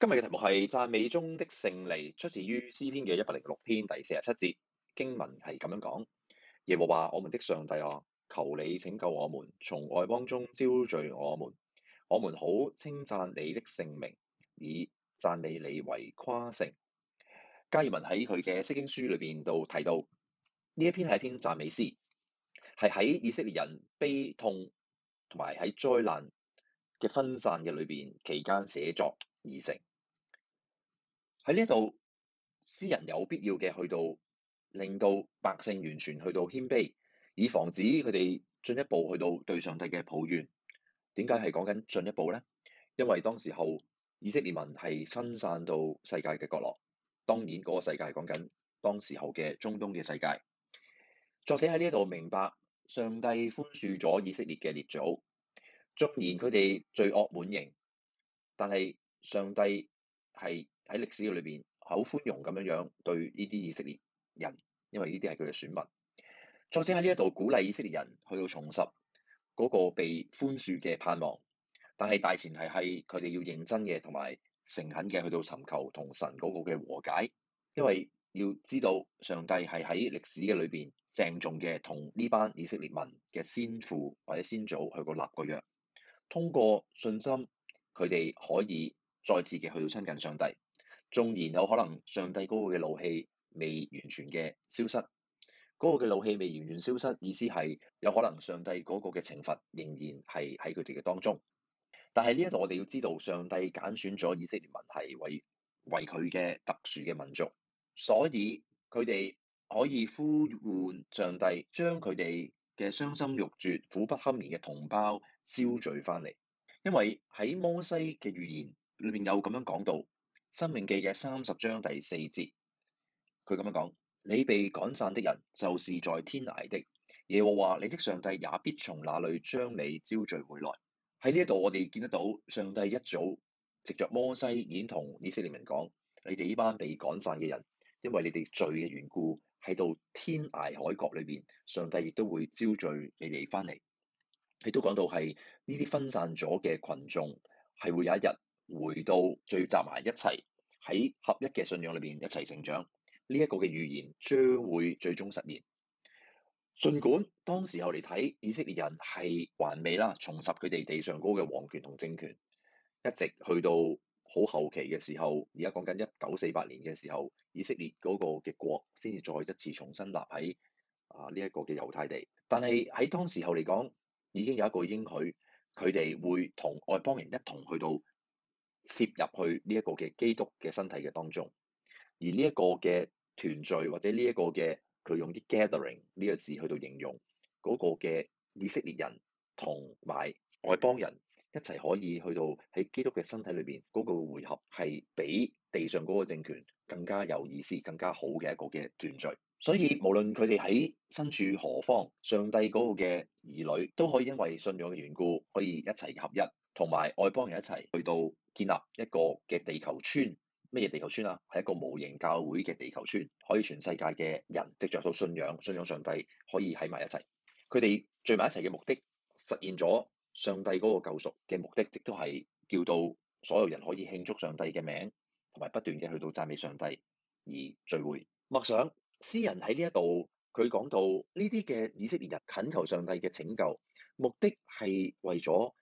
今日嘅題目係讚美中的勝利，出自於詩篇嘅一百零六篇第四十七節經文係咁樣講：耶和華我們的上帝啊，求你拯救我們，從外邦中招聚我們，我們好稱讚你的聖名，以讚美你為誇勝。加爾文喺佢嘅釋經書裏邊度提到，呢一篇係一篇讚美詩，係喺以色列人悲痛同埋喺災難嘅分散嘅裏邊期間寫作而成。喺呢度，詩人有必要嘅去到，令到百姓完全去到謙卑，以防止佢哋進一步去到對上帝嘅抱怨。點解係講緊進一步呢？因為當時候以色列民係分散到世界嘅角落。當然，嗰個世界係講緊當時候嘅中東嘅世界。作者喺呢度明白，上帝寬恕咗以色列嘅列祖，縱然佢哋罪惡滿盈，但係上帝，係喺歷史嘅裏邊，好寬容咁樣樣對呢啲以色列人，因為呢啲係佢嘅選民。作者喺呢一度鼓勵以色列人去到重拾嗰個被寬恕嘅盼望，但係大前提係佢哋要認真嘅同埋誠懇嘅去到尋求同神嗰個嘅和解，因為要知道上帝係喺歷史嘅裏邊鄭重嘅同呢班以色列民嘅先父或者先祖去過立個約，通過信心佢哋可以。再次嘅去到親近上帝，縱然有可能上帝嗰個嘅怒氣未完全嘅消失，嗰個嘅怒氣未完全消失，意思係有可能上帝嗰個嘅懲罰仍然係喺佢哋嘅當中。但係呢一度我哋要知道，上帝揀選咗以色列民係為為佢嘅特殊嘅民族，所以佢哋可以呼喚上帝，將佢哋嘅傷心欲絕苦不堪言嘅同胞招聚翻嚟，因為喺摩西嘅預言。裏面有咁樣講到《申命記》嘅三十章第四節，佢咁樣講：你被趕散的人，就是在天涯的。耶和華你的上帝也必從那裏將你招聚回來。喺呢一度，我哋見得到上帝一早藉着摩西已經同以色列人講：你哋呢班被趕散嘅人，因為你哋罪嘅緣故，喺到天涯海角裏邊，上帝亦都會招聚你哋翻嚟。佢都講到係呢啲分散咗嘅群眾係會有一日，回到聚集埋一齊喺合一嘅信仰裏邊一齊成長，呢一個嘅預言將會最終實現。儘管當時候嚟睇以色列人係還未啦重拾佢哋地上高嘅王權同政權，一直去到好後期嘅時候，而家講緊一九四八年嘅時候，以色列嗰個嘅國先至再一次重新立喺啊呢一個嘅猶太地，但係喺當時候嚟講已經有一個應許，佢哋會同外邦人一同去到切入去呢一個嘅基督嘅身體嘅當中，而呢一個嘅團聚或者呢一個嘅佢用啲 gathering 呢個字去到形容嗰個嘅以色列人同埋外邦人一齊可以去到喺基督嘅身體裏邊嗰個匯合係比地上嗰個政權更加有意思、更加好嘅一個嘅團聚。所以無論佢哋喺身處何方，上帝嗰個嘅兒女都可以因為信仰嘅緣故，可以一齊合一。同埋外邦人一齊去到建立一個嘅地球村，乜嘢地球村啊？係一個無形教會嘅地球村，可以全世界嘅人藉著到信仰、信仰上帝，可以喺埋一齊，佢哋聚埋一齊嘅目的，實現咗上帝嗰個救贖嘅目的，亦都係叫到所有人可以慶祝上帝嘅名，同埋不斷嘅去到讚美上帝而聚會。默想詩人喺呢一度，佢講到呢啲嘅以色列人，懇求上帝嘅拯救，目的係為咗。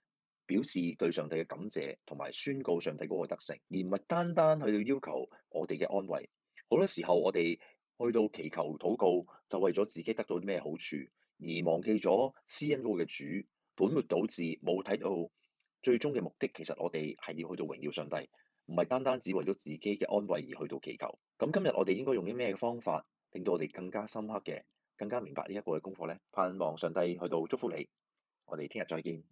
表示對上帝嘅感謝同埋宣告上帝嗰個德性，而唔係單單去到要求我哋嘅安慰。好多時候我哋去到祈求禱告，就為咗自己得到啲咩好處，而忘記咗施恩嗰個嘅主，本末倒置，冇睇到最終嘅目的。其實我哋係要去到榮耀上帝，唔係單單只為咗自己嘅安慰而去到祈求。咁今日我哋應該用啲咩方法，令到我哋更加深刻嘅、更加明白呢一個嘅功課咧？盼望上帝去到祝福你，我哋聽日再見。